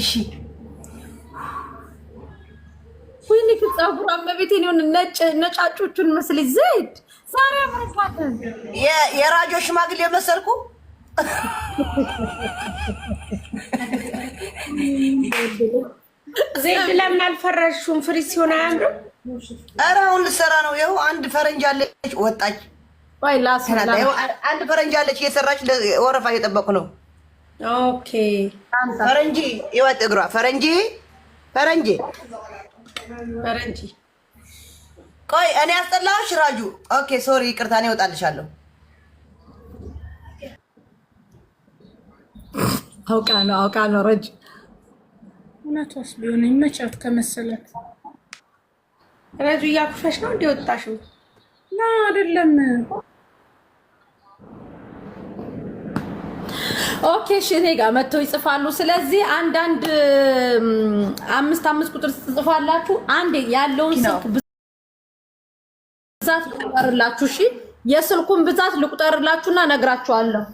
እሺ ወይኔ ፀጉር አመቤቴ ነው። ነጭ ነጫጮቹን መስል ዘይድ ዛሬ አምሮባት የራጆ ሽማግሌ መሰልኩ። ዘይድ ለምን አልፈረሹም? ፍሪ ሲሆን አያምርም። ኧረ አሁን ልትሰራ ነው። ይኸው አንድ ፈረንጅ አለች ወጣች። አንድ ፈረንጅ አለች እየሰራች ወረፋ እየጠበቁ ነው ኦኬ ፈረንጂ ይወጥ እግሯ ፈረንጂ ፈረንጂ ፈረንጂ። ቆይ እኔ አስጠላሁሽ ራጁ። ኦኬ ሶሪ፣ ይቅርታ እኔ እወጣልሻለሁ። አውቃ ነው አውቃ ነው ረጅ እውነቷስ ቢሆን ይመቻት ከመሰላት ረጁ እያኩፈሽ ነው እንዲወጣሽው እና አይደለም ኦኬ እሺ፣ እኔ ጋር መጥተው ይጽፋሉ። ስለዚህ አንዳንድ አምስት አምስት ቁጥር ትጽፋላችሁ። አንድ ያለውን ስልክ ብዛት ልቁጠርላችሁ። እሺ፣ የስልኩን ብዛት ልቁጠርላችሁና ነግራችኋለሁ።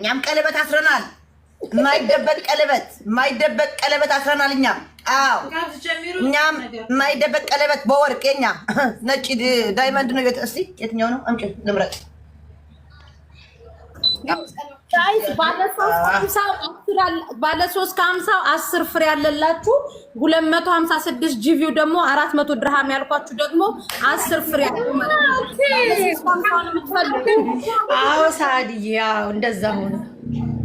እኛም ቀለበት አስረናል። ማይደበቅ ቀለበት ማይደበቅ ቀለበት አስረናል። እኛም አዎ፣ እኛም ማይደበቅ ቀለበት በወርቅ የኛ ነጭ ዳይመንድ ነው። ቤት እስቲ የትኛው ነው? አምጪ ልምረጥ። ባለ ሶስት ከሀምሳው አስር ፍሬ ያለላችሁ ሁለት መቶ ሀምሳ ስድስት ጂቪው ደግሞ አራት መቶ ድርሃም ያልኳችሁ ደግሞ አስር ፍሬ አዎ፣ ሳድዬ እንደዛ ሆነ።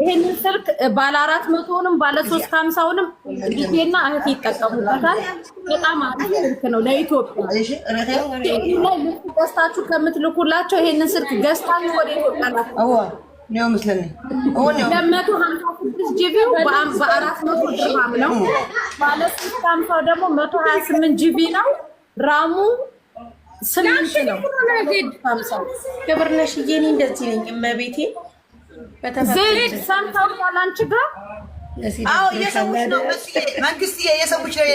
ይሄንን ስልክ ባለ አራት መቶውንም ባለ ሶስት ሀምሳውንም ጊዜና እህት ይጠቀሙበታል። በጣም አሪፍ ስልክ ነው ለኢትዮጵያ። ልክ ገዝታችሁ ከምትልኩላቸው ይሄንን ስልክ ገዝታችሁ ወደ ኢትዮጵያ ሁለት መቶ ሀምሳ ስድስት ጂቢው በአራት መቶ ድርሃም ነው። ባለ ሶስት ሀምሳው ደግሞ መቶ ሀያ ስምንት ጂቢ ነው። ራሙ ስምንት ነው። ግብርነሽዬ እኔ እንደዚህ ነኝ እመቤቴ ዘይድ ሰምታውቃል። አንቺ ጋር አዎ፣ እየሰሙሽ ነው መንግስትዬ፣ እየሰሙሽ ነው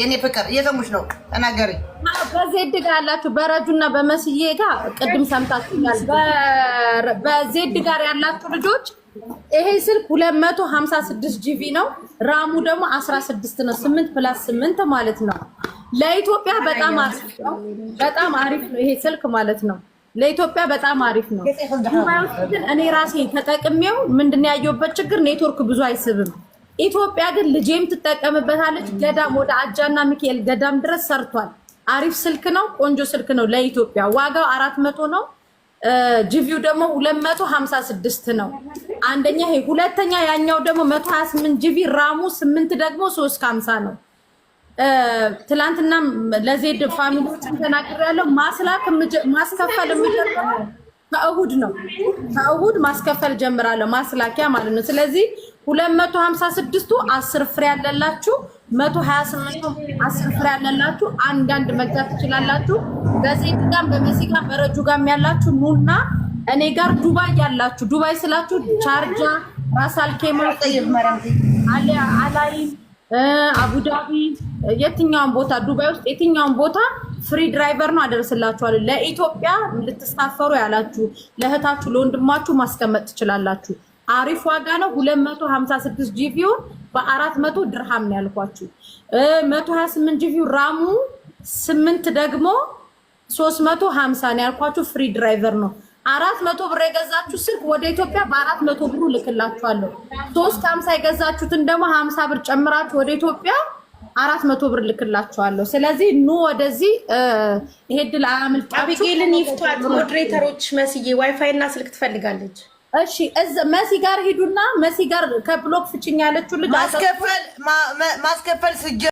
የኔ ፍቅር፣ እየሰሙሽ ነው። ተናገሪ። በዜድ ጋር ያላችሁ በረጁና በመስዬ ጋር ቅድም ሰምታችኛል። በዜድ ጋር ያላችሁ ልጆች ይሄ ስልክ 256 ጂቪ ነው። ራሙ ደግሞ 16 ነው። 8 ፕላስ 8 ማለት ነው። ለኢትዮጵያ በጣም አሪፍ ነው፣ በጣም አሪፍ ነው ይሄ ስልክ ማለት ነው። ለኢትዮጵያ በጣም አሪፍ ነው። ግን እኔ ራሴ ተጠቅሜው ምንድን ያየሁበት ችግር ኔትወርክ ብዙ አይስብም። ኢትዮጵያ ግን ልጄም ትጠቀምበታለች። ገዳም ወደ አጃና ሚካኤል ገዳም ድረስ ሰርቷል። አሪፍ ስልክ ነው፣ ቆንጆ ስልክ ነው። ለኢትዮጵያ ዋጋው አራት መቶ ነው። ጂቪው ደግሞ ሁለት መቶ ሀምሳ ስድስት ነው። አንደኛ ይሄ፣ ሁለተኛ ያኛው ደግሞ መቶ ሀያ ስምንት ጂቪ ራሙ ስምንት ደግሞ ሶስት ከሀምሳ ነው። ትላንትና ለዜድ ተናግር ያለው ማስላክ ማስከፈል የሚጀምረው ከእሁድ ነው። ከእሁድ ማስከፈል ጀምራለሁ፣ ማስላኪያ ማለት ነው። ስለዚህ ሁለት መቶ ሀምሳ ስድስቱ አስር ፍሬ ያለላችሁ፣ መቶ ሀያ ስምንቱ አስር ፍሬ ያለላችሁ አንዳንድ መግዛት ትችላላችሁ። በዜድ ጋር በመሲ ጋር በረጁ ጋርም ያላችሁ ኑና እኔ ጋር ዱባይ ያላችሁ ዱባይ ስላችሁ ቻርጃ፣ ራስ አልኬማ፣ አላይ አቡዳቢ የትኛውን ቦታ ዱባይ ውስጥ የትኛውን ቦታ ፍሪ ድራይቨር ነው አደርስላችኋል። ለኢትዮጵያ ልትሳፈሩ ያላችሁ ለእህታችሁ ለወንድማችሁ ማስቀመጥ ትችላላችሁ። አሪፍ ዋጋ ነው። 256 ጂቪው በ400 ድርሃም ነው ያልኳችሁ። 128 ጂቪው ራሙ 8 ደግሞ 350 ነው ያልኳችሁ። ፍሪ ድራይቨር ነው። አራት መቶ ብር የገዛችሁ ስልክ ወደ ኢትዮጵያ በአራት መቶ ብሩ ልክላችኋለሁ። ሶስት ሀምሳ የገዛችሁትን ደግሞ ሀምሳ ብር ጨምራችሁ ወደ ኢትዮጵያ አራት መቶ ብር ልክላችኋለሁ። ስለዚህ ኑ ወደዚህ ይሄ ድል አያምልጣችሁ። አቢጌልን ይፍቷት ሞዴሬተሮች። መስዬ ዋይፋይ እና ስልክ ትፈልጋለች። እሺ መሲ ጋር ሂዱና መሲ ጋር ከብሎክ ፍችኛ ያለችው ልጅ ማስከፈል ማስከፈል